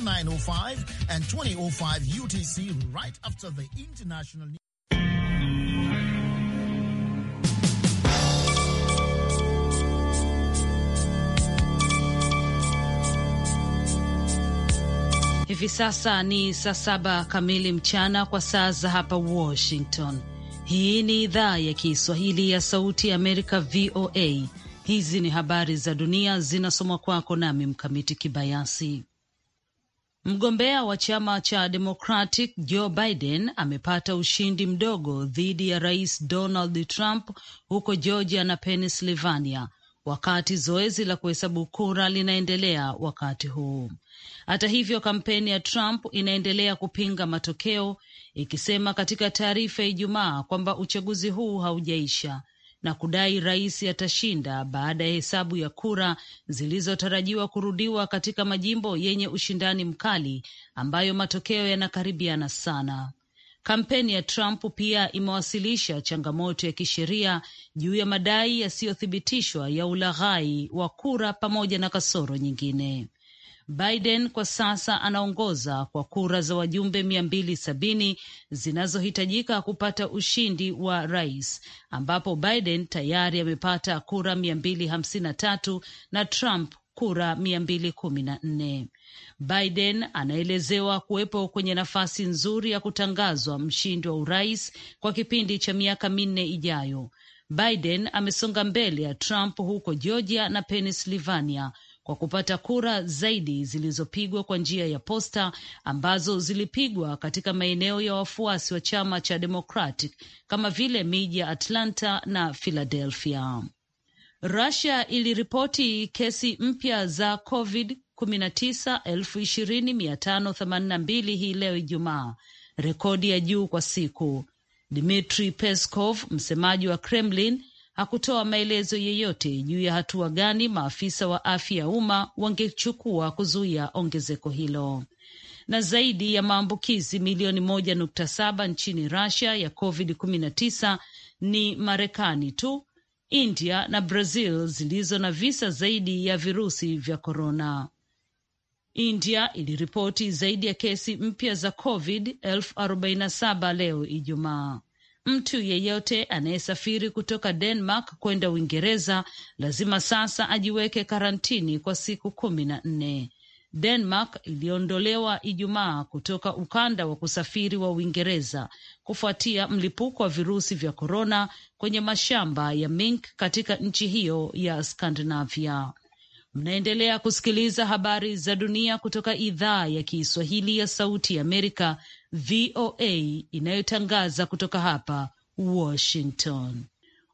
905 and 2005 UTC right after the international news. Hivi sasa ni saa saba kamili mchana kwa saa za hapa Washington. Hii ni idhaa ya Kiswahili ya Sauti ya Amerika, VOA. Hizi ni habari za dunia zinasomwa kwako nami Mkamiti Kibayasi. Mgombea wa chama cha Democratic Joe Biden amepata ushindi mdogo dhidi ya Rais Donald Trump huko Georgia na Pennsylvania wakati zoezi la kuhesabu kura linaendelea wakati huu. Hata hivyo, kampeni ya Trump inaendelea kupinga matokeo ikisema katika taarifa ya Ijumaa kwamba uchaguzi huu haujaisha na kudai rais atashinda baada ya hesabu ya kura zilizotarajiwa kurudiwa katika majimbo yenye ushindani mkali ambayo matokeo yanakaribiana sana. Kampeni ya Trump pia imewasilisha changamoto ya kisheria juu ya madai yasiyothibitishwa ya ulaghai wa kura pamoja na kasoro nyingine. Biden kwa sasa anaongoza kwa kura za wajumbe mia mbili sabini zinazohitajika kupata ushindi wa rais, ambapo Biden tayari amepata kura mia mbili hamsini na tatu na Trump kura mia mbili kumi na nne. Biden anaelezewa kuwepo kwenye nafasi nzuri ya kutangazwa mshindi wa urais kwa kipindi cha miaka minne ijayo. Biden amesonga mbele ya Trump huko Georgia na Pennsylvania kwa kupata kura zaidi zilizopigwa kwa njia ya posta ambazo zilipigwa katika maeneo ya wafuasi wa chama cha Democratic kama vile miji ya Atlanta na Philadelphia. Russia iliripoti kesi mpya za COVID 19 elfu ishirini mia tano mbili hii leo Ijumaa, rekodi ya juu kwa siku. Dmitri Peskov, msemaji wa Kremlin, hakutoa maelezo yeyote juu ya hatua gani maafisa wa afya ya umma wangechukua kuzuia ongezeko hilo. Na zaidi ya maambukizi milioni moja nukta saba nchini Rusia ya COVID 19 ni Marekani tu, India na Brazil zilizo na visa zaidi ya virusi vya korona. India iliripoti zaidi ya kesi mpya za COVID elfu arobaini na saba leo Ijumaa. Mtu yeyote anayesafiri kutoka Denmark kwenda Uingereza lazima sasa ajiweke karantini kwa siku kumi na nne. Denmark iliondolewa Ijumaa kutoka ukanda wa kusafiri wa Uingereza kufuatia mlipuko wa virusi vya korona kwenye mashamba ya mink katika nchi hiyo ya Skandinavia. Mnaendelea kusikiliza habari za dunia kutoka idhaa ya Kiswahili ya Sauti ya Amerika VOA inayotangaza kutoka hapa Washington.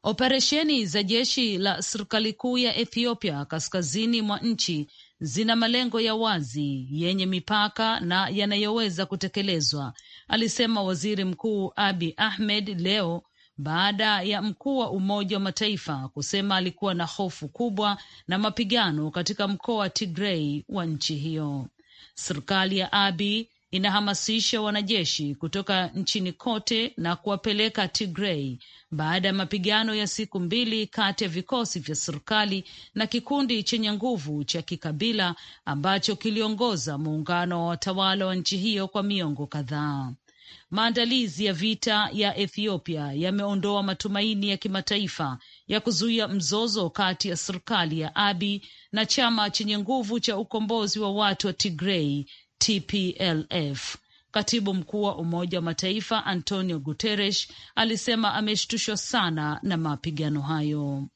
Operesheni za jeshi la serikali kuu ya Ethiopia kaskazini mwa nchi zina malengo ya wazi yenye mipaka na yanayoweza kutekelezwa, alisema Waziri Mkuu Abi Ahmed leo baada ya mkuu wa Umoja wa Mataifa kusema alikuwa na hofu kubwa na mapigano katika mkoa wa Tigrei wa nchi hiyo. Serikali ya Abi inahamasisha wanajeshi kutoka nchini kote na kuwapeleka Tigrei baada ya mapigano ya siku mbili kati ya vikosi vya serikali na kikundi chenye nguvu cha kikabila ambacho kiliongoza muungano wa watawala wa nchi hiyo kwa miongo kadhaa. Maandalizi ya vita ya Ethiopia yameondoa matumaini ya kimataifa ya kuzuia mzozo kati ya serikali ya Abi na chama chenye nguvu cha ukombozi wa watu wa Tigrei TPLF. Katibu mkuu wa Umoja wa Mataifa Antonio Guterres alisema ameshtushwa sana na mapigano hayo.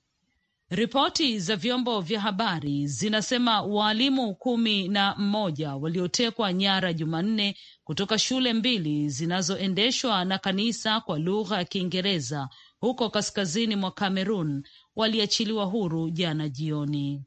Ripoti za vyombo vya habari zinasema waalimu kumi na mmoja waliotekwa nyara Jumanne kutoka shule mbili zinazoendeshwa na kanisa kwa lugha ya Kiingereza huko kaskazini mwa Kamerun waliachiliwa huru jana jioni.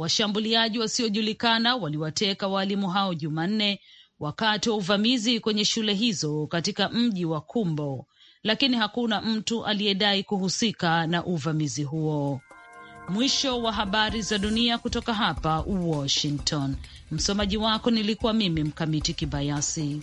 Washambuliaji wasiojulikana waliwateka waalimu hao Jumanne wakati wa uvamizi kwenye shule hizo katika mji wa Kumbo, lakini hakuna mtu aliyedai kuhusika na uvamizi huo. Mwisho wa habari za dunia kutoka hapa Washington. Msomaji wako nilikuwa mimi Mkamiti Kibayasi.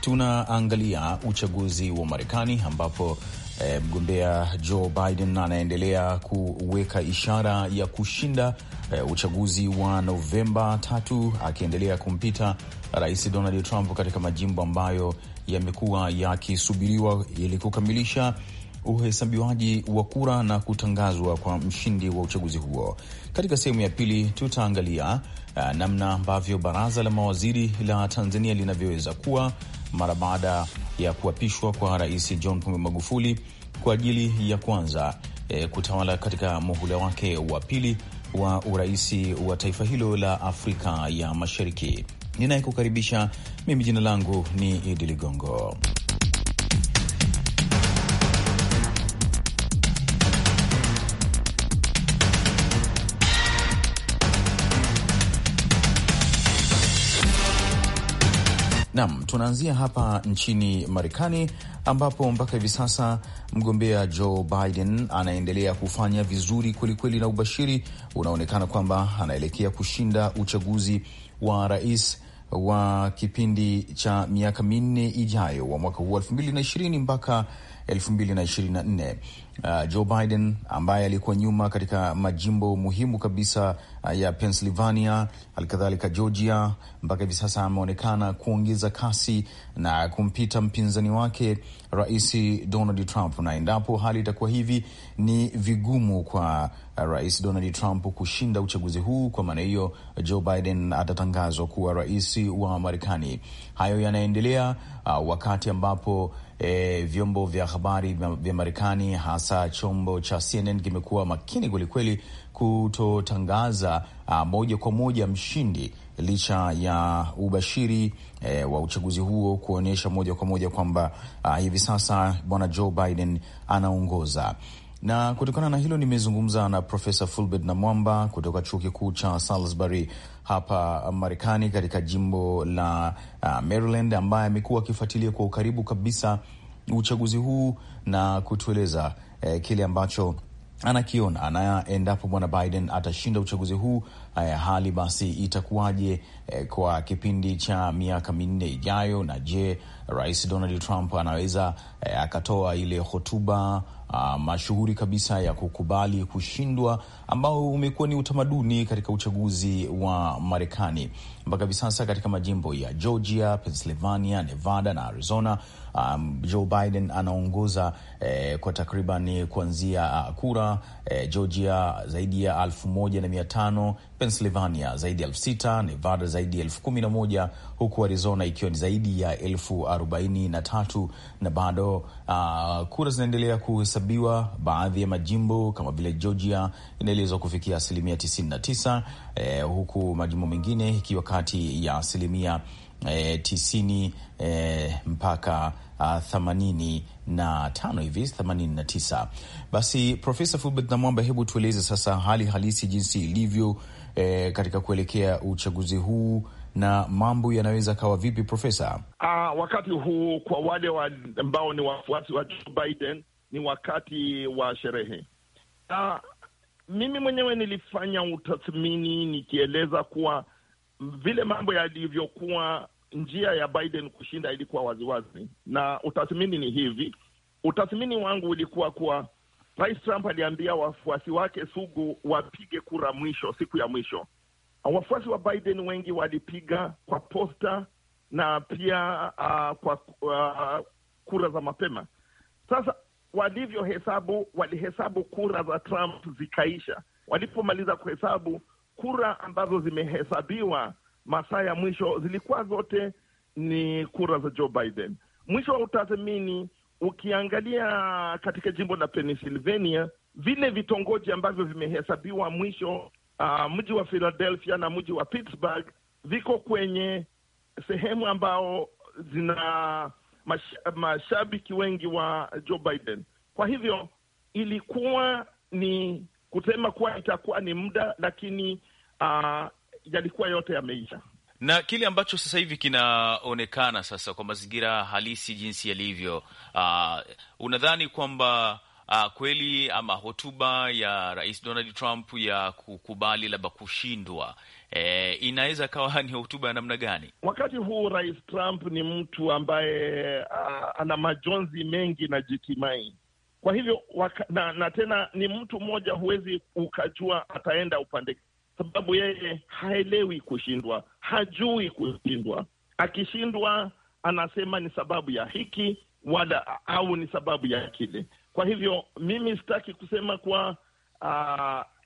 tunaangalia uchaguzi wa Marekani ambapo eh, mgombea Joe Biden anaendelea kuweka ishara ya kushinda eh, uchaguzi wa Novemba tatu akiendelea kumpita Rais Donald Trump katika majimbo ambayo yamekuwa yakisubiriwa ili kukamilisha uhesabiwaji wa kura na kutangazwa kwa mshindi wa uchaguzi huo. Katika sehemu ya pili tutaangalia uh, namna ambavyo baraza la mawaziri la Tanzania linavyoweza kuwa mara baada ya kuapishwa kwa Rais John Pombe Magufuli kwa ajili ya kwanza e, eh, kutawala katika muhula wake wa pili wa uraisi wa taifa hilo la Afrika ya Mashariki. Ninayekukaribisha mimi, jina langu ni Idi Ligongo. Nam, tunaanzia hapa nchini Marekani ambapo mpaka hivi sasa mgombea Joe Biden anaendelea kufanya vizuri kwelikweli, na ubashiri unaonekana kwamba anaelekea kushinda uchaguzi wa rais wa kipindi cha miaka minne ijayo wa mwaka huu elfu mbili na ishirini mpaka elfu mbili na ishirini na nne. Uh, Joe Biden ambaye alikuwa nyuma katika majimbo muhimu kabisa Uh, ya Pennsylvania, halikadhalika Georgia, mpaka hivi sasa ameonekana kuongeza kasi na kumpita mpinzani wake Rais Donald Trump, na endapo hali itakuwa hivi, ni vigumu kwa uh, Rais Donald Trump kushinda uchaguzi huu. Kwa maana hiyo, Joe Biden atatangazwa kuwa rais wa Marekani. Hayo yanaendelea uh, wakati ambapo E, vyombo vya habari vya Marekani hasa chombo cha CNN kimekuwa makini kwelikweli kutotangaza uh, moja kwa moja mshindi licha ya ubashiri e, wa uchaguzi huo kuonyesha moja kwa moja kwamba uh, hivi sasa bwana Joe Biden anaongoza. Na kutokana na hilo nimezungumza na Profesa Fulbert Namwamba kutoka chuo kikuu cha Salisbury hapa Marekani, katika jimbo la uh, Maryland, ambaye amekuwa akifuatilia kwa ukaribu kabisa uchaguzi huu na kutueleza eh, kile ambacho anakiona na endapo bwana Biden atashinda uchaguzi huu hali basi itakuwaje eh, kwa kipindi cha miaka minne ijayo? Na je, Rais Donald Trump anaweza eh, akatoa ile hotuba ah, mashuhuri kabisa ya kukubali kushindwa ambao umekuwa ni utamaduni katika uchaguzi wa Marekani mpaka hivi sasa katika majimbo ya Georgia, Pennsylvania, Nevada na Arizona. Um, Joe Biden anaongoza eh, kwa takriban kuanzia uh, kura eh, Georgia zaidi ya alfu moja na mia tano Pennsylvania zaidi ya elfu sita, Nevada zaidi ya elfu kumi na moja huku Arizona ikiwa ni zaidi ya elfu arobaini na tatu na bado uh, kura zinaendelea kuhesabiwa. Baadhi ya majimbo kama vile Georgia inaelezwa kufikia asilimia tisini na tisa eh, huku majimbo mengine ikiwa kati ya asilimia eh, tisini eh, mpaka Uh, na tano hivi themanini na tisa. Basi Profesa Fulbert Namwamba, hebu tueleze sasa hali halisi jinsi ilivyo e, katika kuelekea uchaguzi huu na mambo yanaweza kawa vipi, Profesa? Uh, wakati huu kwa wale ambao ni wafuasi wa Joe Biden ni wakati wa sherehe. Uh, mimi mwenyewe nilifanya utathmini nikieleza kuwa vile mambo yalivyokuwa, njia ya Biden kushinda ilikuwa waziwazi, na utathmini ni hivi. Utathmini wangu ulikuwa kuwa Rais Trump aliambia wafuasi wake sugu wapige kura mwisho, siku ya mwisho. Ah, wafuasi wa Biden wengi walipiga kwa posta na pia uh, kwa uh, kura za mapema. Sasa walivyohesabu, walihesabu kura za Trump zikaisha. Walipomaliza kuhesabu kura ambazo zimehesabiwa masaa ya mwisho zilikuwa zote ni kura za Joe Biden. Mwisho wa utathmini ukiangalia katika jimbo la Pennsylvania, vile vitongoji ambavyo vimehesabiwa mwisho, uh, mji wa Philadelphia na mji wa Pittsburgh viko kwenye sehemu ambao zina mashabiki wengi wa Joe Biden. Kwa hivyo ilikuwa ni kusema kuwa itakuwa ni muda, lakini uh, yalikuwa yote yameisha na kile ambacho sasa hivi kinaonekana sasa kwa mazingira halisi jinsi yalivyo, uh, unadhani kwamba uh, kweli ama hotuba ya Rais Donald Trump ya kukubali labda kushindwa E, inaweza kawa ni hotuba ya namna gani? Wakati huu Rais Trump ni mtu ambaye a, ah, ana majonzi mengi na jitimai, kwa hivyo waka, na, na tena ni mtu mmoja, huwezi ukajua ataenda upande sababu yeye haelewi kushindwa, hajui kushindwa. Akishindwa anasema ni sababu ya hiki wala au ni sababu ya kile. Kwa hivyo mimi sitaki kusema kuwa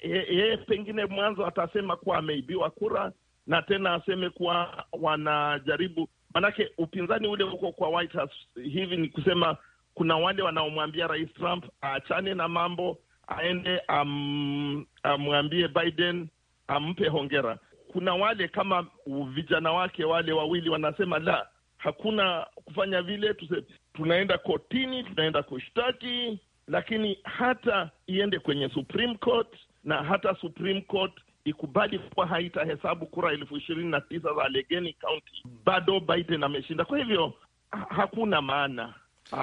yeye ah, ye, pengine mwanzo atasema kuwa ameibiwa kura na tena aseme kuwa wanajaribu, manake upinzani ule uko kwa White House. Hivi ni kusema kuna wale wanaomwambia Rais Trump aachane na mambo aende amwambie um, um, Biden ampe hongera. Kuna wale kama vijana wake wale wawili wanasema la, hakuna kufanya vile, tuse, tunaenda kotini, tunaenda kushtaki, lakini hata iende kwenye Supreme Court na hata Supreme Court ikubali kuwa haitahesabu kura elfu ishirini na tisa za Allegheny County, bado Biden ameshinda. Kwa hivyo hakuna maana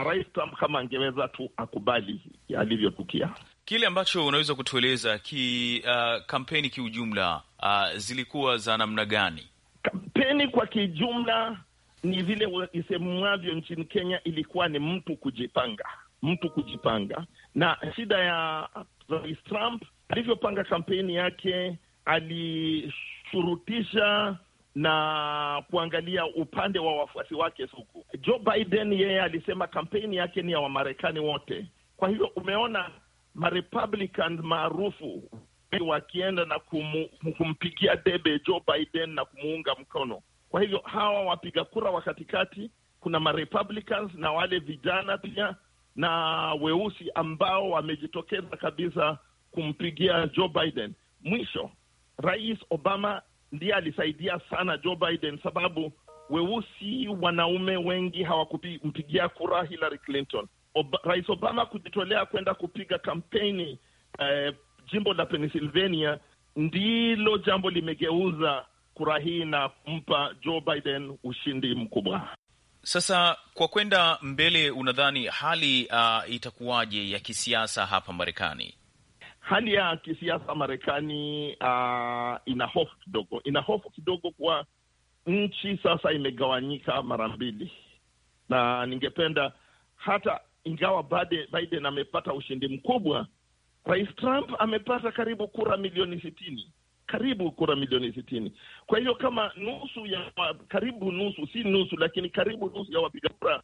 Rais Trump kama angeweza tu akubali alivyotukia. Kile ambacho unaweza kutueleza ki, uh, kampeni kiujumla uh, zilikuwa za namna gani? Kampeni kwa kijumla ni vile isemwavyo nchini Kenya, ilikuwa ni mtu kujipanga, mtu kujipanga. Na shida ya Rais Trump alivyopanga kampeni yake, alishurutisha na kuangalia upande wa wafuasi wake suku. Joe Biden yeye alisema kampeni yake ni ya Wamarekani wote, kwa hivyo umeona Marepublican maarufu wakienda na kumu, kumpigia debe Joe Biden na kumuunga mkono. Kwa hivyo hawa wapiga kura wa katikati, kuna marepublicans na wale vijana pia na weusi ambao wamejitokeza kabisa kumpigia Joe Biden. Mwisho, Rais Obama ndiye alisaidia sana Joe Biden sababu weusi wanaume wengi hawakumpigia kura Hillary Clinton. Ob Rais Obama kujitolea kwenda kupiga kampeni eh, jimbo la Pennsylvania ndilo jambo limegeuza kura hii na kumpa Joe Biden ushindi mkubwa. Sasa kwa kwenda mbele, unadhani hali uh, itakuwaje ya kisiasa hapa Marekani? Hali ya kisiasa Marekani uh, ina hofu kidogo, ina hofu kidogo kuwa nchi sasa imegawanyika mara mbili, na ningependa hata ingawa Biden, Biden amepata ushindi mkubwa, Rais Trump amepata karibu kura milioni sitini karibu kura milioni sitini. Kwa hiyo kama nusu ya karibu nusu, si nusu, lakini karibu nusu ya wapiga kura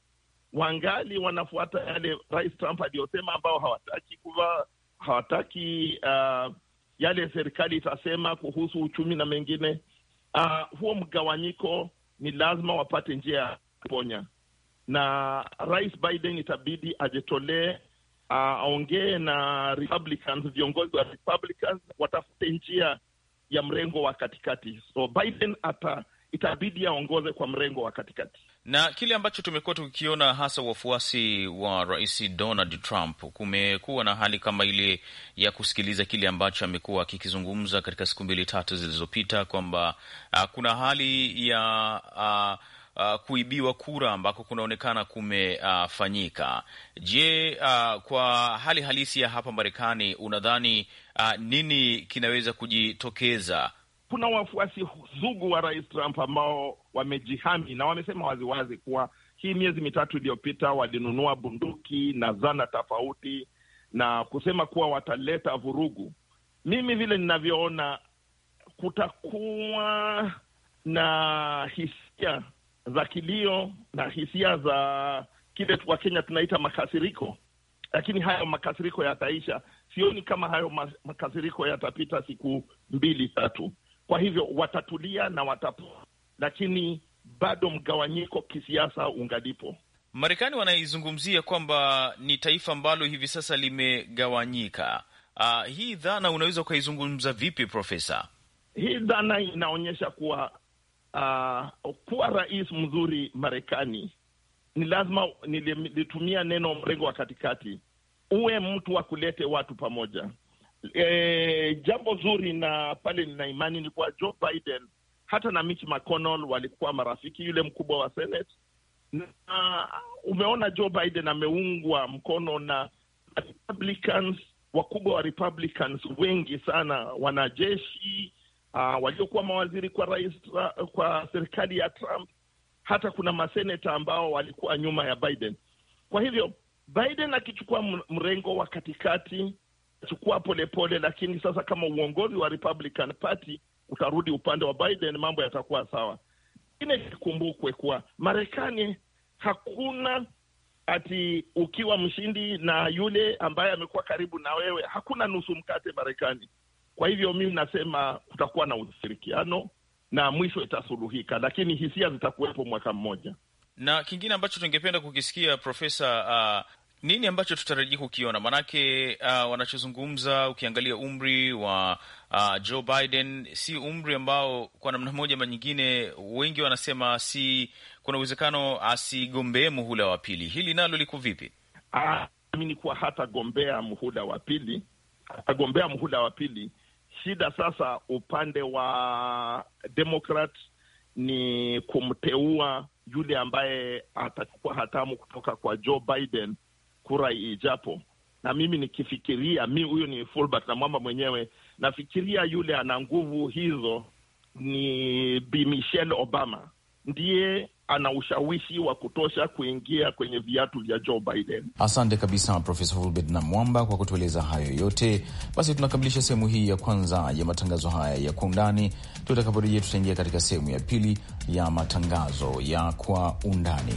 wangali wanafuata yale Rais Trump aliyosema, ambao hawataki kuvaa, hawataki uh, yale serikali itasema kuhusu uchumi na mengine. Uh, huo mgawanyiko ni lazima wapate njia ya kuponya na Rais Biden itabidi ajitolee aongee na Republicans, viongozi wa Republicans watafute njia ya mrengo wa katikati. So Biden ata itabidi aongoze kwa mrengo wa katikati, na kile ambacho tumekuwa tukikiona hasa wafuasi wa Rais Donald Trump, kumekuwa na hali kama ile ya kusikiliza kile ambacho amekuwa akikizungumza katika siku mbili tatu zilizopita, kwamba uh, kuna hali ya uh, uh, kuibiwa kura ambako kunaonekana kumefanyika. Uh, je, uh, kwa hali halisi ya hapa Marekani unadhani uh, nini kinaweza kujitokeza? Kuna wafuasi sugu wa Rais Trump ambao wamejihami na wamesema waziwazi kuwa hii miezi mitatu iliyopita walinunua bunduki na zana tofauti na kusema kuwa wataleta vurugu. Mimi vile ninavyoona, kutakuwa na hisia za kilio na hisia za kile wa Kenya tunaita makasiriko, lakini hayo makasiriko yataisha. Sioni kama hayo makasiriko yatapita siku mbili tatu. Kwa hivyo watatulia na watapoa, lakini bado mgawanyiko kisiasa ungalipo. Marekani wanaizungumzia kwamba ni taifa ambalo hivi sasa limegawanyika. Uh, hii dhana unaweza ukaizungumza vipi, Profesa? Hii dhana inaonyesha kuwa uh, kuwa rais mzuri Marekani ni lazima, nilitumia neno mrengo wa katikati, uwe mtu wa kulete watu pamoja. E, jambo zuri na pale nina imani ni kuwa Joe Biden hata na Mitch McConnell walikuwa marafiki, yule mkubwa wa Senate na uh, umeona Joe Biden ameungwa mkono na Republicans wakubwa wa Republicans wengi sana, wanajeshi uh, waliokuwa mawaziri kwa rais, uh, kwa serikali ya Trump. Hata kuna maseneta ambao walikuwa nyuma ya Biden. Kwa hivyo Biden akichukua mrengo wa katikati, achukua polepole, lakini sasa kama uongozi wa Republican Party utarudi upande wa Biden, mambo yatakuwa sawa. Ingine kikumbukwe kuwa Marekani hakuna ati ukiwa mshindi na yule ambaye amekuwa karibu na wewe, hakuna nusu mkate Marekani. Kwa hivyo mimi nasema kutakuwa na ushirikiano na mwisho itasuluhika, lakini hisia zitakuwepo mwaka mmoja. Na kingine ambacho tungependa kukisikia Profesa, uh, nini ambacho tutarajia kukiona? Maanake uh, wanachozungumza ukiangalia umri wa uh, Joe Biden si umri ambao kwa namna moja ama nyingine wengi wanasema si, kuna uwezekano asigombee muhula wa pili. Hili nalo liko vipi? Amini ah, kuwa hatagombea muhula wa pili, atagombea muhula wa pili shida sasa upande wa demokrat ni kumteua yule ambaye atachukua hatamu kutoka kwa Joe Biden kura ijapo. Na mimi nikifikiria, mi huyu ni Fulbert na mwamba mwenyewe, nafikiria yule ana nguvu hizo ni Bi Michelle Obama, ndiye ana ushawishi wa kutosha kuingia kwenye viatu vya Joe Biden. Asante kabisa Profesa Fulbert na Mwamba kwa kutueleza hayo yote. Basi tunakamilisha sehemu hii ya kwanza ya matangazo haya ya kwa undani. Tutakaporejea tutaingia katika sehemu ya pili ya matangazo ya kwa undani.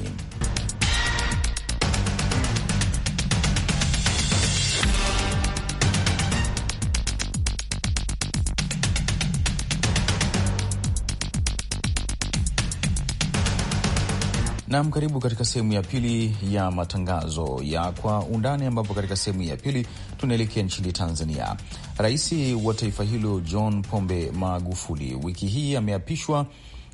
Nam, karibu katika sehemu ya pili ya matangazo ya kwa undani, ambapo katika sehemu ya pili tunaelekea nchini Tanzania. Rais wa taifa hilo John Pombe Magufuli wiki hii ameapishwa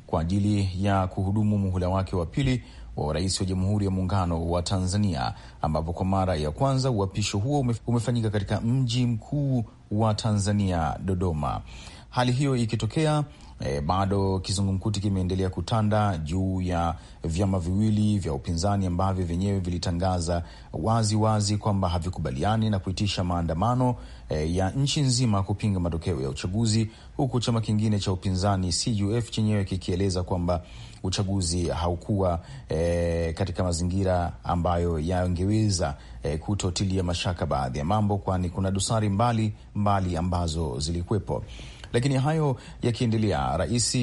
kwa ajili ya kuhudumu muhula wake wa pili wa urais wa Jamhuri ya Muungano wa Tanzania, ambapo kwa mara ya kwanza uapisho huo umefanyika katika mji mkuu wa Tanzania, Dodoma. Hali hiyo ikitokea E, bado kizungumkuti kimeendelea kutanda juu ya vyama viwili vya upinzani ambavyo vyenyewe vilitangaza wazi wazi kwamba havikubaliani na kuitisha maandamano e, ya nchi nzima kupinga matokeo ya uchaguzi, huku chama kingine cha upinzani CUF chenyewe kikieleza kwamba uchaguzi haukuwa e, katika mazingira ambayo yangeweza e, kutotilia mashaka baadhi ya mambo, kwani kuna dosari mbali mbali ambazo zilikuwepo. Lakini hayo yakiendelea, rais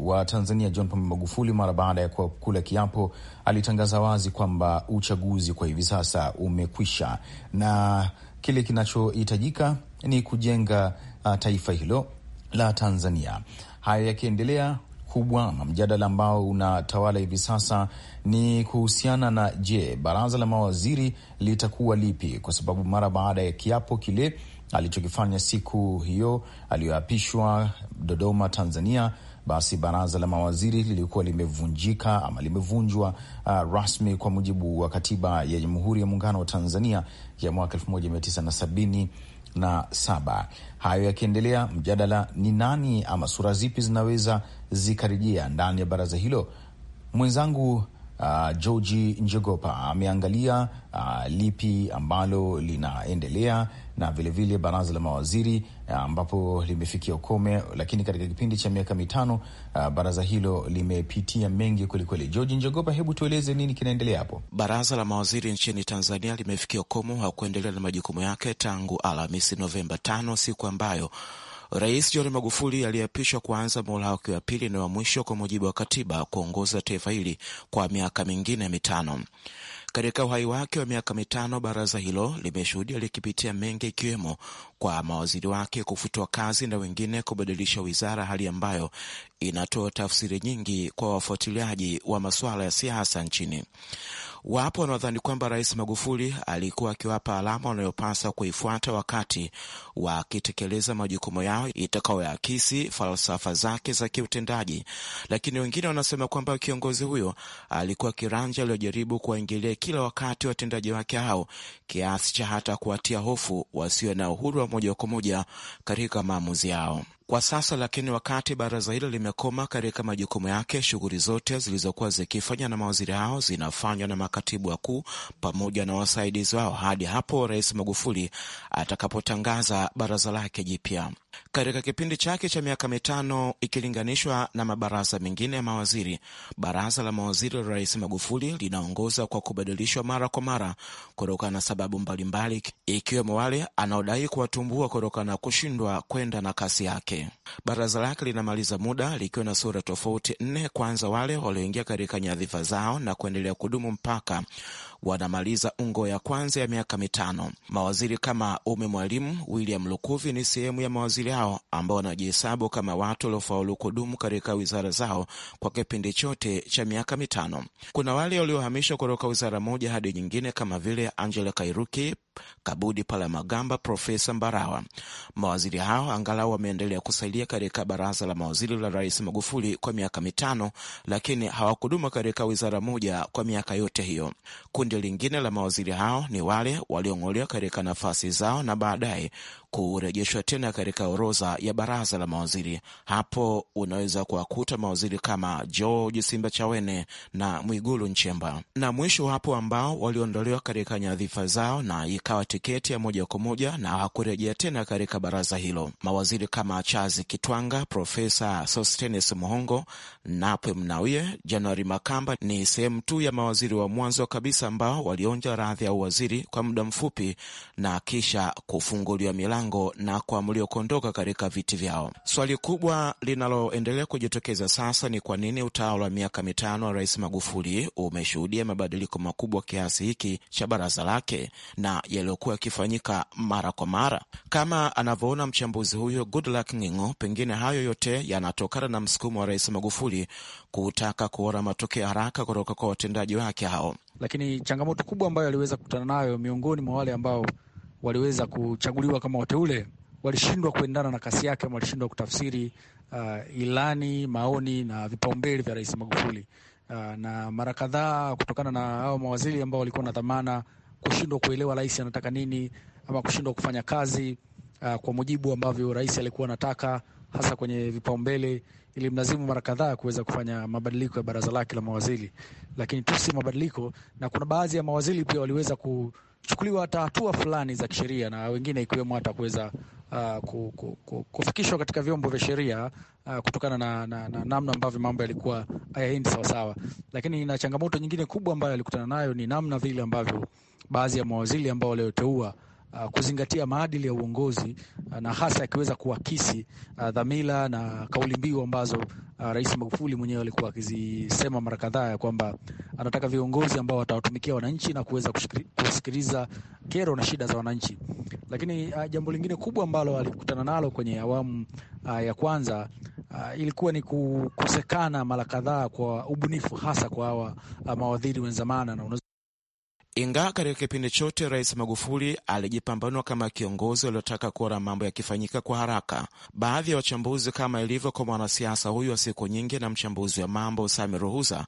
wa Tanzania John Pombe Magufuli mara baada ya kula kiapo alitangaza wazi kwamba uchaguzi kwa hivi sasa umekwisha na kile kinachohitajika ni kujenga uh, taifa hilo la Tanzania. hayo yakiendelea kubwa na mjadala ambao unatawala hivi sasa ni kuhusiana na je, baraza la mawaziri litakuwa lipi? Kwa sababu mara baada ya kiapo kile alichokifanya siku hiyo aliyoapishwa Dodoma, Tanzania, basi baraza la mawaziri lilikuwa limevunjika ama limevunjwa uh, rasmi kwa mujibu wa katiba ya Jamhuri ya Muungano wa Tanzania ya mwaka 1970 na saba. Hayo yakiendelea, mjadala ni nani ama sura zipi zinaweza zikarejea ndani ya baraza hilo. Mwenzangu uh, Georgi njegopa ameangalia uh, lipi ambalo linaendelea na vilevile baraza la mawaziri eh, ambapo limefikia ukome, lakini katika kipindi cha miaka mitano uh, baraza hilo limepitia mengi kwelikweli. George Njogopa, hebu tueleze nini kinaendelea hapo? Baraza la mawaziri nchini Tanzania limefikia ukomo wa kuendelea na majukumu yake tangu Alhamisi Novemba tano, siku ambayo Rais John Magufuli aliapishwa kuanza muhula wake wa pili na wa mwisho kwa mujibu wa katiba kuongoza taifa hili kwa miaka mingine mitano. Katika uhai wake wa miaka mitano, baraza hilo limeshuhudia likipitia mengi, ikiwemo kwa mawaziri wake kufutwa kazi na wengine kubadilisha wizara, hali ambayo inatoa tafsiri nyingi kwa wafuatiliaji wa masuala ya siasa nchini. Wapo wanaodhani kwamba Rais Magufuli alikuwa akiwapa alama wanayopasa kuifuata wakati wakitekeleza majukumu yao itakayoakisi falsafa zake za kiutendaji, lakini wengine wanasema kwamba kiongozi huyo alikuwa kiranja aliyojaribu kuwaingilia kila wakati watendaji wake hao kiasi cha hata kuwatia hofu wasio na uhuru wa moja kwa moja katika maamuzi yao kwa sasa. Lakini wakati baraza hilo limekoma katika majukumu yake, shughuli zote zilizokuwa zikifanywa na mawaziri hao zinafanywa na makatibu wakuu pamoja na wasaidizi wao hadi hapo Rais Magufuli atakapotangaza baraza lake jipya. Katika kipindi chake cha miaka mitano ikilinganishwa na mabaraza mengine ya mawaziri, baraza la mawaziri la Rais Magufuli linaongoza kwa kubadilishwa mara kwa mara kutokana na sababu mbalimbali, ikiwemo wale anaodai kuwatumbua kutokana na kushindwa kwenda na kasi yake yake. Baraza lake linamaliza muda likiwa na sura tofauti nne. Kwanza, wale walioingia katika nyadhifa zao na kuendelea kudumu mpaka wanamaliza ungo ya kwanza ya miaka mitano. Mawaziri kama Ume Mwalimu, William Lukuvi ni sehemu ya mawaziri hao ambao wanajihesabu kama watu waliofaulu kudumu katika wizara zao kwa kipindi chote cha miaka mitano. Kuna wale waliohamishwa kutoka wizara moja hadi nyingine kama vile Angela Kairuki, Kabudi Palamagamba, Profesa Mbarawa. Mawaziri hao angalau wameendelea kusaidia katika baraza la mawaziri la Rais Magufuli kwa miaka mitano, lakini hawakuduma katika wizara moja kwa miaka yote hiyo. Kundi lingine la mawaziri hao ni wale waliong'olewa katika nafasi zao na baadaye kurejeshwa tena katika orodha ya baraza la mawaziri. Hapo unaweza kuwakuta mawaziri kama George Simba Chawene na Mwigulu Nchemba, na mwisho hapo ambao waliondolewa katika nyadhifa zao na ikawa tiketi ya moja kwa moja na hakurejea tena katika baraza hilo. Mawaziri kama Charles Kitwanga, Profesa Sostenes Muhongo, Nape Mnauye, Januari Makamba ni sehemu tu ya mawaziri wa mwanzo kabisa ambao walionja radhi ya uwaziri kwa muda mfupi na kisha kufunguliwa milango mlango na kuamriwa kuondoka katika viti vyao. Swali kubwa linaloendelea kujitokeza sasa ni kwa nini utawala wa miaka mitano wa Rais Magufuli umeshuhudia mabadiliko makubwa kiasi hiki cha baraza lake na yaliyokuwa yakifanyika mara kwa mara. Kama anavyoona mchambuzi huyo Goodluck Ngingo, pengine hayo yote yanatokana na msukumo wa Rais Magufuli kutaka kuona matokeo haraka kutoka kwa watendaji wake hao. Lakini changamoto kubwa ambayo aliweza kukutana nayo miongoni mwa wale ambao waliweza kuchaguliwa kama wateule walishindwa kuendana na kasi yake, walishindwa kutafsiri uh, ilani, maoni na vipaumbele vya Rais Magufuli. Uh, na mara kadhaa kutokana na hao mawaziri ambao walikuwa na dhamana kushindwa kuelewa rais anataka nini ama kushindwa kufanya kazi uh, kwa mujibu ambavyo rais alikuwa anataka hasa kwenye vipaumbele, ili mlazimu mara kadhaa kuweza kufanya mabadiliko ya baraza lake la mawaziri, lakini tu si mabadiliko, na kuna baadhi ya mawaziri pia waliweza kuchukuliwa hata hatua fulani za kisheria na wengine ikiwemo hata kuweza Uh, kufikishwa katika vyombo vya sheria uh, kutokana na namna na, na ambavyo mambo yalikuwa hayaendi sawasawa, lakini na changamoto nyingine kubwa ambayo alikutana nayo ni namna vile ambavyo baadhi ya mawaziri ambao walioteua uh, kuzingatia maadili ya uongozi uh, na hasa akiweza kuakisi uh, dhamira na kauli mbiu ambazo uh, Rais Magufuli mwenyewe alikuwa akizisema mara kadhaa ya kwamba anataka viongozi ambao watawatumikia wananchi na kuweza kusikiliza kero na shida za wananchi. Lakini uh, jambo lingine kubwa ambalo alikutana nalo kwenye awamu uh, ya kwanza uh, ilikuwa ni kukosekana mara kadhaa kwa ubunifu hasa kwa hawa uh, mawadhiri wenzamana na unazo ingawa katika kipindi chote Rais Magufuli alijipambanua kama kiongozi waliotaka kuona mambo yakifanyika kwa haraka, baadhi ya wa wachambuzi, kama ilivyo kwa mwanasiasa huyu wa siku nyingi na mchambuzi wa mambo Sami Ruhuza,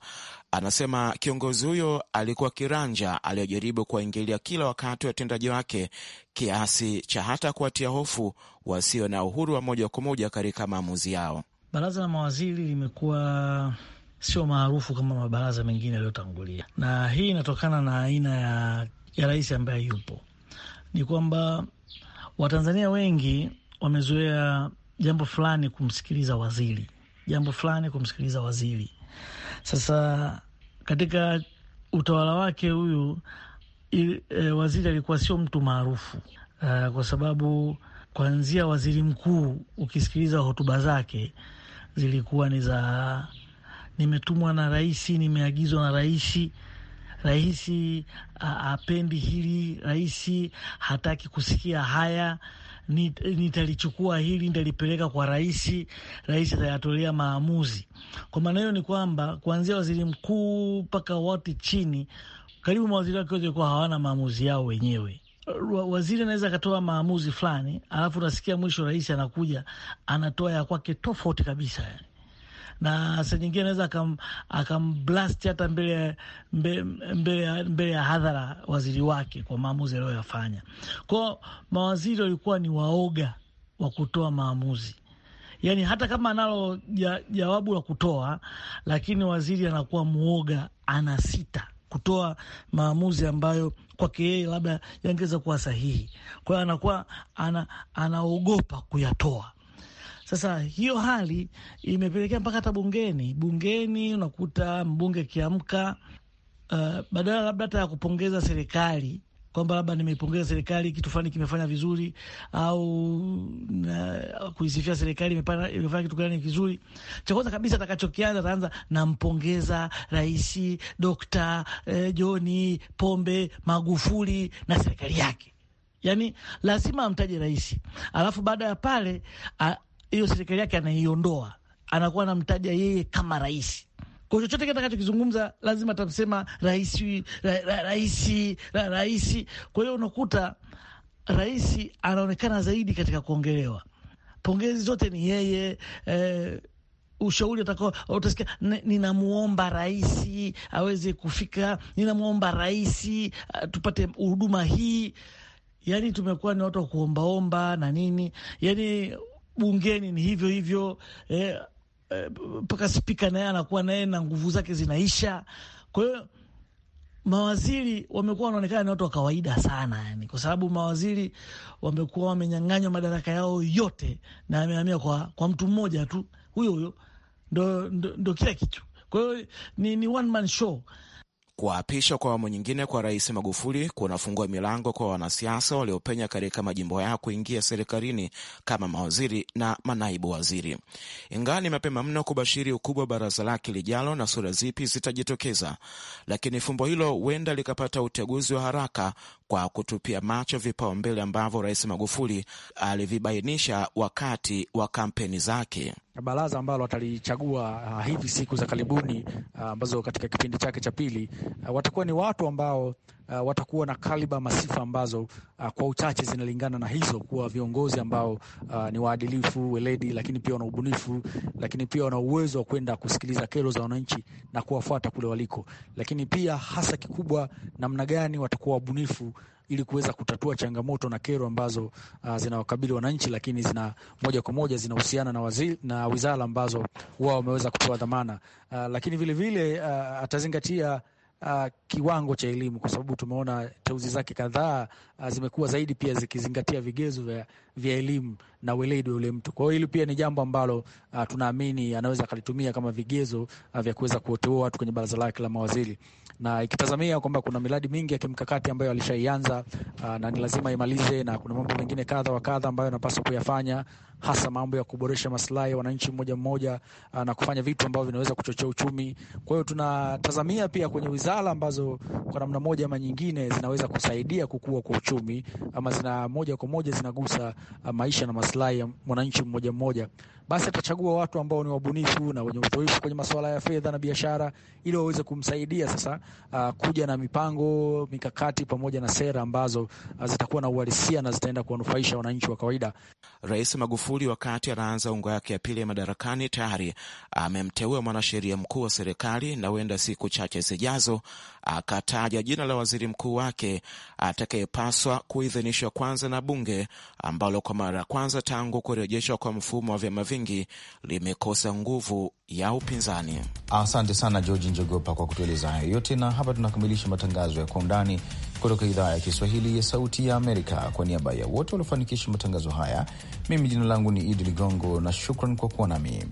anasema kiongozi huyo alikuwa kiranja aliyojaribu kuwaingilia kila wakati wa watendaji wake kiasi cha hata kuwatia hofu wasio na uhuru wa moja kwa moja katika maamuzi yao. Baraza la mawaziri limekuwa sio maarufu kama mabaraza mengine yaliyotangulia, na hii inatokana na aina ya, ya rais ambaye yupo. Ni kwamba Watanzania wengi wamezoea jambo fulani kumsikiliza waziri, jambo fulani kumsikiliza waziri. Sasa katika utawala wake huyu e, waziri alikuwa sio mtu maarufu e, kwa sababu kuanzia waziri mkuu ukisikiliza hotuba zake zilikuwa ni za nimetumwa na rais, nimeagizwa na rais, rais apendi hili, rais hataki kusikia haya nitalichukua hili nitalipeleka kwa rais, rais atayatolea maamuzi. Kwa maana hiyo ni kwamba kuanzia waziri mkuu mpaka wote chini, karibu mawaziri wake wote kuwa hawana maamuzi yao wenyewe. Waziri anaweza akatoa maamuzi fulani, alafu unasikia mwisho rais anakuja anatoa ya kwake tofauti kabisa yani na sa nyingine anaweza akamblast hata mbele, mbele, mbele, mbele ya hadhara waziri wake kwa maamuzi aliyoyafanya. Kwao mawaziri walikuwa ni waoga wa kutoa maamuzi. Yani hata kama analo jawabu la kutoa, lakini waziri anakuwa mwoga, ana sita kutoa maamuzi ambayo kwake yeye labda yangeweza kuwa sahihi. Kwa hiyo anakuwa ana, anaogopa kuyatoa. Sasa hiyo hali imepelekea mpaka hata bungeni, bungeni unakuta mbunge kiamka, uh, eh, badala labda hata ya kupongeza serikali kwamba labda nimeipongeza serikali, kitu fulani kimefanya vizuri, au kuisifia serikali imefanya kitu gani kizuri. Cha kwanza kabisa atakachokianza ataanza, nampongeza Rais Dokta eh, John Pombe Magufuli na serikali yake. Yani lazima amtaje rais, alafu baada ya pale hiyo serikali yake anaiondoa, anakuwa anamtaja yeye kama rais. Kwa chochote kitakachokizungumza lazima atamsema rais, ra, ra, rais, ra, rais. Kwa hiyo unakuta rais anaonekana zaidi katika kuongelewa, pongezi zote ni yeye e, ushauri atakao utasikia, ninamuomba rais aweze kufika, ninamuomba rais ah, tupate huduma hii. Yani tumekuwa ni watu wa kuombaomba na nini, yani bungeni ni hivyo hivyo eh, eh, mpaka eh, spika naye anakuwa naye na nguvu zake zinaisha. Kwa hiyo mawaziri wamekuwa wanaonekana ni watu wa kawaida sana, yani kwa sababu mawaziri wamekuwa wamenyang'anywa madaraka yao yote na amehamia kwa, kwa mtu mmoja tu, huyo huyo ndo, ndo, ndo kila kitu. Kwa hiyo ni, ni one man show Kuapishwa kwa awamu nyingine kwa Rais Magufuli kunafungua milango kwa wanasiasa waliopenya katika majimbo yao kuingia serikalini kama mawaziri na manaibu waziri. Ingawa ni mapema mno kubashiri ukubwa wa baraza lake lijalo na sura zipi zitajitokeza, lakini fumbo hilo huenda likapata uteguzi wa haraka kwa kutupia macho vipaumbele ambavyo Rais Magufuli alivibainisha wakati wa kampeni zake. Baraza ambalo watalichagua uh, hivi siku za karibuni uh, ambazo uh, katika kipindi chake cha pili uh, watakuwa ni watu ambao uh, watakuwa na kaliba masifa ambazo uh, kwa uchache zinalingana na hizo, kuwa viongozi ambao uh, ni waadilifu, weledi, lakini pia wana ubunifu, lakini pia wana uwezo wa kwenda kusikiliza kero za wananchi na kuwafuata kule waliko, lakini pia hasa kikubwa, namna gani watakuwa wabunifu ili kuweza kutatua changamoto na kero ambazo uh, zinawakabili wananchi, lakini zina moja kwa moja zinahusiana na waziri, na wizara ambazo wao wameweza kupewa dhamana uh, lakini vilevile vile, uh, atazingatia uh, kiwango cha elimu, kwa sababu tumeona teuzi zake kadhaa Ah, zimekuwa zaidi pia zikizingatia vigezo vya, vya elimu na weledi wa yule mtu. Kwa hiyo hili pia ni jambo ambalo uh, tunaamini anaweza akalitumia kama vigezo uh, vya kuweza kuoteua watu kwenye baraza lake la mawaziri, na ikitazamia kwamba kuna miradi mingi ya kimkakati ambayo alishaianza uh, na ni lazima imalize, na kuna mambo mengine kadha wa kadha ambayo anapaswa kuyafanya hasa mambo ya kuboresha maslahi ya wananchi mmoja mmoja na kufanya vitu ambavyo vinaweza kuchochea uchumi. Kwa hiyo tunatazamia pia kwenye wizara ambazo kwa namna moja ama nyingine zinaweza kusaidia kukua kwa uchumi kiuchumi ama zina moja kwa moja zinagusa uh, maisha na maslahi ya mwananchi mmoja mmoja, basi atachagua watu ambao ni wabunifu na wenye uzoefu kwenye masuala ya fedha na biashara, ili waweze kumsaidia sasa uh, kuja na mipango mikakati, pamoja na sera ambazo uh, zitakuwa na uhalisia na zitaenda kuwanufaisha wananchi wa kawaida. Rais Magufuli wakati anaanza ungo yake ya pili ya madarakani tayari amemteua mwanasheria mkuu wa serikali na huenda siku chache zijazo akataja jina la waziri mkuu wake atakayepaswa inapaswa kuidhinishwa kwanza na bunge ambalo kwa mara ya kwanza tangu kurejeshwa kwa mfumo wa vyama vingi limekosa nguvu ya upinzani. Asante sana George Njogopa kwa kutueleza hayo yote, na hapa tunakamilisha matangazo ya Kwa Undani kutoka idhaa ya Kiswahili ya Sauti ya Amerika. Kwa niaba ya wote waliofanikisha matangazo haya, mimi jina langu ni Idi Ligongo na shukran kwa kuwa nami.